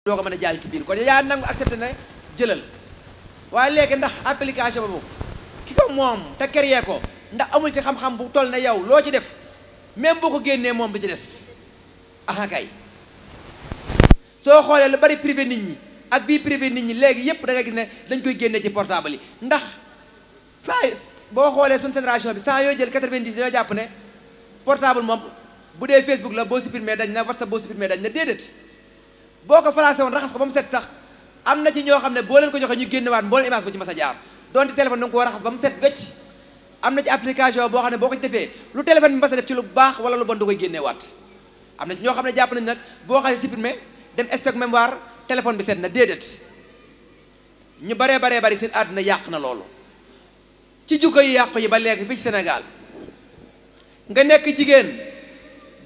doo ko mën a jaay ci biir kon yaa nangu accepté na jëlal waaye léegi ndax application boobu ki ko moom te créé ko ndax amul ci xam-xam bu toll na yow loo ci def même boo ko génnee moom bi ci des aha kay soo xoolee lu bari privé nit ñi ak bii privé nit ñi léegi yépp da nga gis ne dañ koy génnee ci portable yi ndax saa boo xoolee suñu génération bi saa yoo jël 90 yoo jàpp ne portable moom bu dee Facebook la boo supprimé dañ dañ na déedéet boo ko placé woon raxas ko ba mu set sax am na ci ñoo xam ne boo leen ko joxee ñu génnewaat mboolem image ba ci mas a jaar donte téléphone da na ci application boo xam ne boo ko ci defee lu téléphone bi mas a def ci lu baax wala lu bon da koy génnewaat am na ci ñoo xam ne jàpp nañ nag boo xam xasee supprimer dem stock mémoire téléphone bi set na déedéet ñu baree baree bari seen àdduna yàq na loolu ci jukko yi yàq yi ba léegi fii ci Sénégal nga nekk jigéen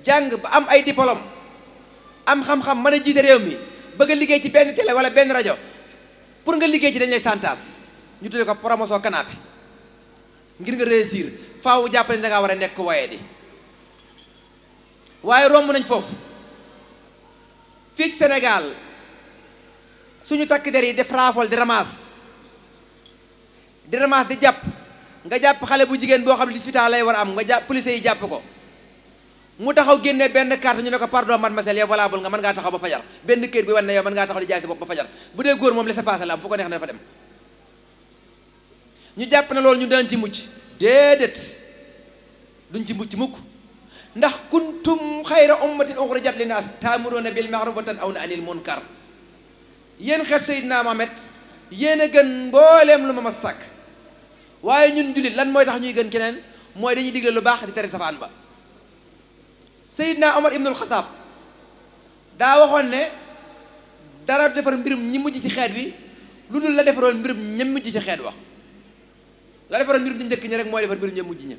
jàng ba am ay diplôme am xam-xam mané jité réew mi bëgg liggéey ci bénn télé wala bénn rajo pour nga liggéey ci dañ lay santas ñu tuddee ko promotion canapé ngir nga réussir faawu jàpp ne da ngaa war a nekk di waaye romb nañ fofu fi ci Sénégal suñu tak der yi def rafol di ramaas di ramaas di japp nga japp xalé bu jigen bo xam lay war am nga japp police yi japp ko mu taxaw génne benn carte ñu ne ko pardon mademoiselle yow valable nga mën ngaa taxaw ba fajar benn kayit bi wan ne yow mën ngaa taxaw di jaay sa bopp ba fajar bu dee góor moom laissez passer la am ko neex na dafa dem ñu jàpp na loolu ñu daan ci mucc déedéet duñ ci mucc mukk ndax kuntum xayra ummatin uxrijat linnaas taamuruuna bil ma'ruf wa tanhawna anil munkar yéen xeet Seydina Mohamed yéen a gën mbooleem lu ma ma sàkk waaye ñun jullit lan mooy tax ñuy gën keneen mooy dañuy digle lu baax di tere safaan ba Seydina Omar ibnul Xataab daa waxoon ne dara defar mbirum ñi mujj ci xeet wi lu dul la defaroon mbirum ña mujj ci xeet wax la defaroon mbirum ñi njëkk ñi rek mooy defar mbirum ña mujj ña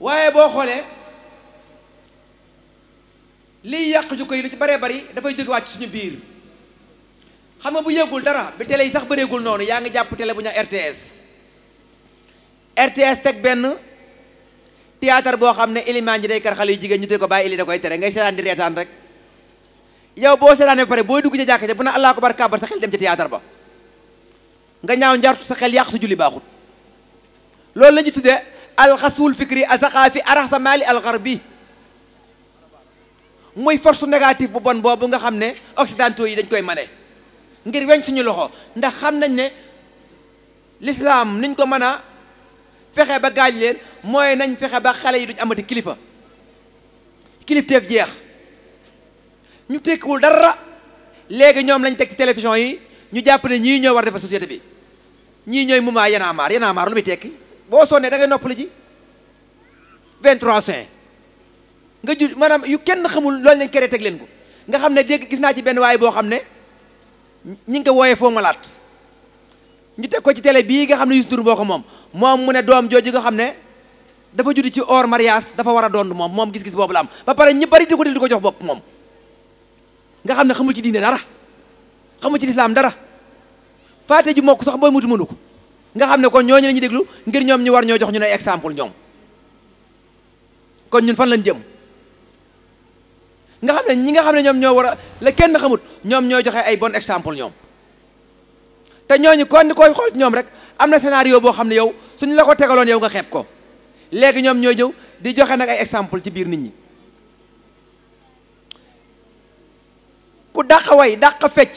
waaye boo xoolee lii yàq ju koy lu ci baree bari dafay jógewaat wàcc suñu biir xam nga bu yëgul dara bi télé yi sax bëreegul noonu yaa ngi jàpp télé bu ñu RTS RTS teg benn théâtre bo xamné élément ilimaan ji day kar xali yu ñu té ko bàyyi ili da koy téré ngay sétane di rétane rek yow bo sétane paré pare dugg ci jakk ci buna na allah ko bar sa xel dem ci théâtre ba nga ñaaw ndar sa xel yàq su julli baxut lool lañu ñu al khasul fikri asaxaafi araxsa al gharbi moy force négative bu bon bobu nga xamné occidentaux yi dañ koy mané ngir wéñ suñu loxo ndax xamnañ né l'islam niñ ko mëna fexe ba gaañ leen mooy nañ fexe ba xale yi duñ amati kilifa kilifteef jeex ñu tekkiwul dara léegi ñoom lañ teg ci télévision yi ñu jàpp ne ñii ñoo war defar société bi ñii ñooy moment Y'en a marre Y'en a marre lu muy tekki boo sonnee da ngay noppali ji 23 nga ju maanaam yu kenn xamul loolu lañ kere teg leen ko nga xam ne dégg gis naa ci benn waaye boo xam ne ñi ngi ko wooyee foo malaat ñu tek ko ci télé bi nga xamné ne Youssou Ndour boo mom moom mu né doom joji nga xamné dafa judi ci or mariage dafa wara dond mom mom gis-gis bobu la am ba paré ñi bari di diko jox bop mom nga xamné ne xamul ci diiné dara xamul ci islam dara faté ju mok sax boy mutu munuko ko nga xamné kon ñoñu lañu déglu ngir ñom ñu war ñoo jox ñu né exemple ñom kon ñun fan lañ dem nga xamné ñi nga xamné ñom ñoo wara la kenn xamut ñom ñoo joxé ay bon exemple ñom te ñooñu kon ni koy xool ci ñoom rek am na scénario boo xam ne yow suñu la ko tegaloon yow nga xeeb ko léegi ñoom ñoo ñëw di joxe nag ay exemple ci biir nit ñi ku dàq way dàq fecc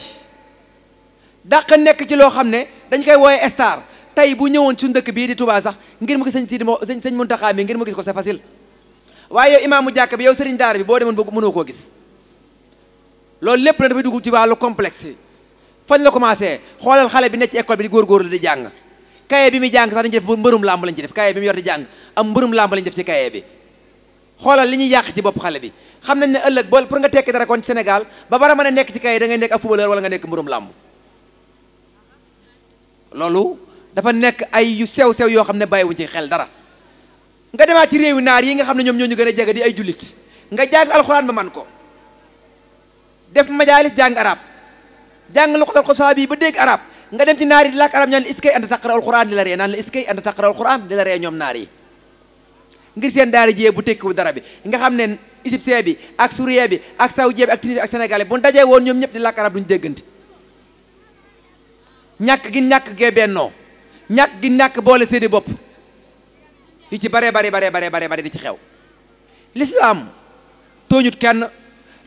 dàq nekk ci loo xam ne dañ koy wooye star tey bu ñëwoon suñu dëkk bii di tubaa sax ngir mu gis sëñ Sidi moo sëñ sëñ Muntaxa mi ngir mu gis ko c'est facile waaye yow imaamu jàkk bi yow sëriñ daar bi boo demoon bëgg mënoo koo gis loolu lépp na dafay dugg ci wàllu complexe fañ la commencé xolal xalé bi nekk ci école bi di góorgóorlu di jang kayé bi mi jang sax dañ def mbërum lamb lañ ci def kayé bi mi yor di jang am mbërum lamb lañ def ci kayé bi xolal li ñuy yàq ci bop xalé bi xam nañ ne ëllëg pour nga tek dara kon ci Sénégal ba bara mëna nekk ci kayé da ngay nekk footballeur wala nga nekk mbërum lamb lolu dafa nekk ay yu sew sew yo xamne ne ci xel dara nga demaat ci réewi naar yi nga xamne ñom ñoo ñu di ay julit nga jàng alcorane ba man ko def majalis jàng arab jàng lu ko xosab yi ba dégg arab nga dem ci naar yi di làkk arab ñaan la iskay anta taqara alquran di la la iskay anta taqara la ree ñoom naar yi ngir seen daara jiyee bu tekkiwu dara bi nga xam ne égyptien bi ak sourien bi ak saoudien bi ak tunisien ak sénégalais bu dajee woon ñoom ñëpp di làkk arab duñu déggante ñàkk gi ñàkk gee bennoo ñàkk gi ñàkk boole seeni bopp yu ci bare bare bare bare bare bare di ci xew lislaam tooñut kenn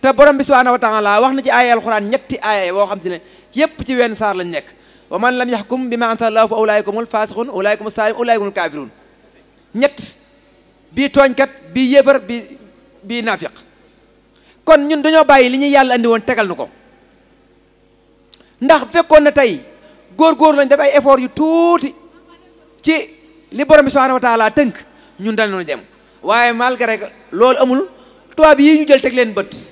ta borom bi subhanahu wa taala wax na ci aaya alxuraan ñetti aaya bo xam te ne yépp ci wén sar lañ nek wa man lam yahkum bima anta allah fa ulaayikumul faasiquun ulaayikum saalim ulaayikumul kaafiruun ñett bii tooñkat bii yéefar bi bi nafiq kon ñun dañu bàyyi li ñi yàlla andi won tegal nuko ndax fekkon na tay gor gor lañ def ay effort yu tuuti ci li borom subhanahu wa taala teunk ñun dañu dem waye malgré lool amul tubaab yi ñu jël tek leen beut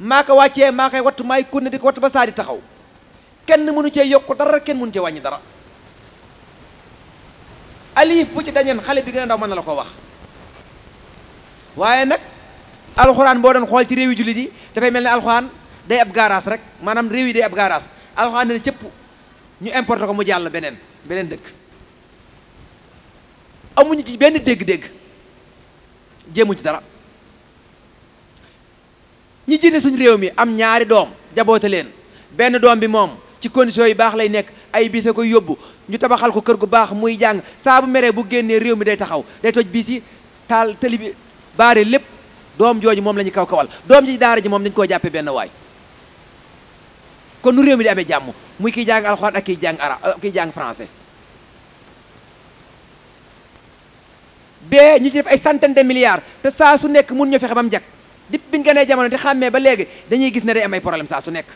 maa wàccee maakay koy wattu maay kunne di ko wattu ba saa di taxaw kenn mënu cee yokk dara kenn mënu cee wàññi dara alif bu ci dañeen xale bi gën a ndaw mën na la ko wax waaye nag alxuraan boo doon xool ci réew yi jullit yi dafay mel ni alxuraan day ab gaaraas rek maanaam réew yi day ab garaas alxuraan ne cëpp ñu importé ko mu jàll beneen beneen dëkk amuñu ci benn dégg-dégg jéemuñ ci dara ñi jiite suñ réew mi am ñaari doom jaboote leen benn doom bi moom ci conditions yi baax lay nekk ay bis a koy yóbbu ñu tabaxal ko kër gu baax muy jàng saa bu meree bu génnee réew mi day taxaw day toj bis yi taal tëli bi lépp doom jooju moom la kaw kawal doom ji daara ji moom dañ koo jàppee benn waay kon nu réew mi di amee jàmm muy kii jàng alxuraan ak kiy jàng arab euh, kiy jàng français bee ñu ci def ay centaine de milliards te saa su nekk mun ñu fexe ba mu dip biñ ganee jamono di xàmmee ba léegi dañuy gis ne day am ay problème sa su nek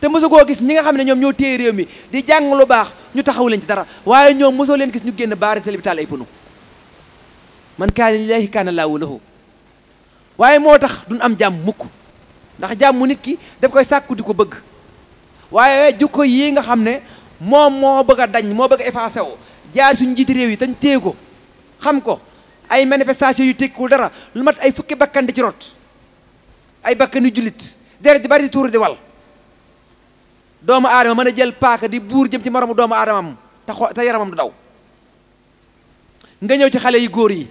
te mosu ko gis ñi nga xam ne ñoo téye réew mi di jang lu baax ñu taxaw leen ci dara waye ñom leen gis ñu genn baari bi ay punu man ka lillahi kana la wulahu waye motax duñ am jam mukk ndax mu nit ki daf koy sakku diko bëgg waye jukko yi nga xam ne mo bëgga dañ mo bëgga effacer wu jaar suñu jitt réew yi tañ xam ko ay manifestation yu tekkul dara lu mat ay fukki bakkan di ci rot ay bakkan yu jullit di bari di tuur di wal doomu adam meuna jël pak di bour jëm ci maramu doomu aadamam te ta te yaramam du daw nga ñew ci xalé yu goor yi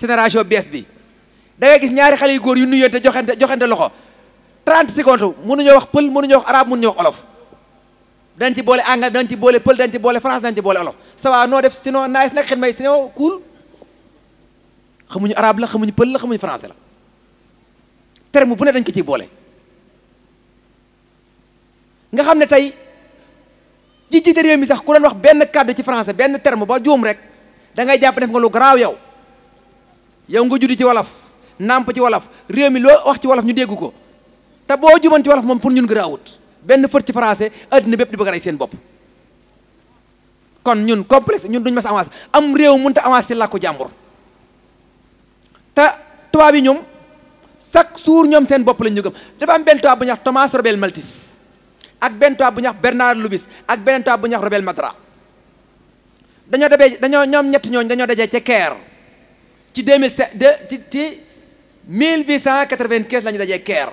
génération bees bi da nga gis ñaari xalé yu goor yu nuyu te joxante joxante loxo 30 secondes ñu wax pël ñu wax arabe ñu wax olof dañ ci boole anglais dañ ci boole pël dañ ci boole France dañ ci boole olof ça noo def sinon nice nag xet may sinon cool xamuñu arabe la xamuñu pël la xamuñu france la terme bu ne dañ ko ciy boole nga xam ne tey ji jiite réew mi sax ku doon wax benn kàddu ci français benn terme ba juum rek da ngay jàpp def nga lu garaaw yow yow nga juddi ci wolof nàmp ci wolof réew mi loo wax ci wolof ñu dégg ko te boo juman ci wolof moom pour ñun garaawut benn fër ci français addina bëpp di bëgg ray seen bop kon ñun complexe ñun duñu mas avance am réew mënta avance ci lakku jambour ta toba bi ñoom sak sour ñom seen bop lañu gëm dafa am benn toba bu ñax Thomas Robel maltis ak benn toba bu ñax Bernard Lewis ak beneen toba bu ñax Robel Madra dañu dabee dañu ñom ñett ñoo dañu dajé ci kër ci 2007 ci 1895 lañu dajé kër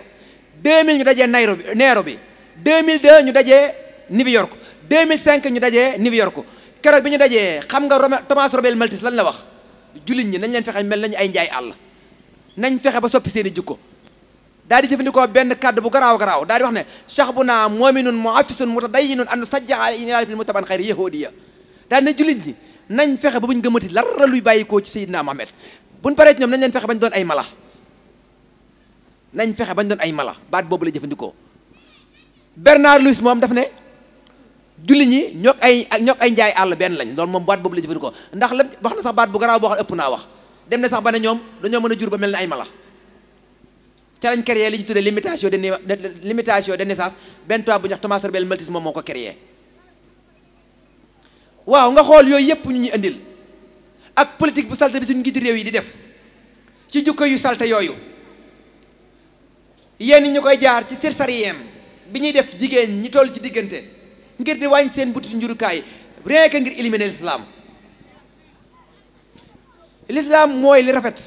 2000 ñu dajé Nairobi Nairobi 2002 ñu dajee New York 2005 ñu dajee New York keroog bi ñu dajee xam nga Rome Thomas Robert Malthus lan la wax jullit ñi nañ leen fexe mel nañu ay njaay àll nañ fexe ba soppi seen i jikko daal di jëfandikoo benn kàdd bu garaaw garaaw daal di wax ne sax bu naa moominun muafisun mutadayyinun an sajjaha inal fil mutaban xayri yahudiya daal ne jullit ñi nañ fexe ba buñ gëmati lara luy bàyyikoo ci Seydina Mohamed buñ paree ci ñoom nañ leen fexe bañ doon ay mala nañ fexe bañ doon ay mala baat boobu la jëfandikoo Bernard Louis moom daf ne julli ñi ñoog ay ak ñoog ay njaay àll benn lañ loolu moom baat boobu la jëfandikoo ndax la wax na sax baat bu garaaw boo xam ëpp naa wax dem na sax ba ne ñoom dañoo mën a jur ba mel ne ay mala ca lañ créé li ñu tuddee limitation de limitation de naissance benn tubaab bu ñuy wax Thomas Robert Malthus moom moo ko créé waaw nga xool yooyu yëpp ñu ñu indil ak politique bu salte bi suñu njiiti réew yi di def ci jukko yu salte yooyu yenn ñu koy jaar ci sir sariyem bi def jigéen ñi toll ci diggante ngir di wàññi seen butit njurukaay rien que ngir éliminer l'islam l'islam mooy li rafet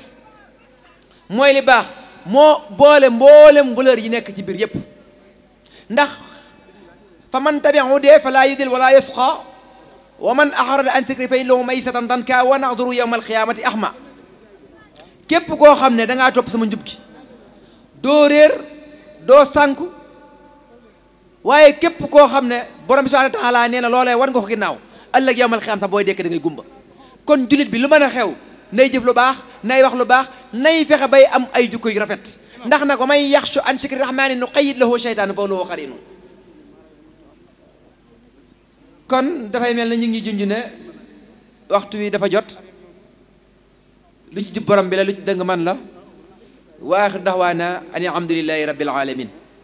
mooy li baax moo boole mboolem valeur yi nekk ci biir yépp ndax fa man tabiu dee fa laa yudil wala yasqa wa man axarada an sikri fa lahu maysatan danka wa naxduru yowma alqiyamati ahma képp koo xam ne dangaa topp sama njub gi doo réer doo sànku waye kep ko xamne borom subhanahu wa taala neena lolay war nga ko ginnaaw allah yawmal khiyam sa boy dekk da ngay gumba kon julit bi lu mën xew nay jëf lu bax nay wax lu bax nay fexe bay am ay jukko yu rafet ndax nag may yakhshu an sikri rahmaani nuqayyid lahu shaytan fa huwa lahu qariinu kon da fay melni ñi ngi jinjju ne waxtu wi dafa jot lu ci jub borom bi la lu ci dëng man la wa aaxiru da'waanaa ani alhamdulillahi rabbil alamin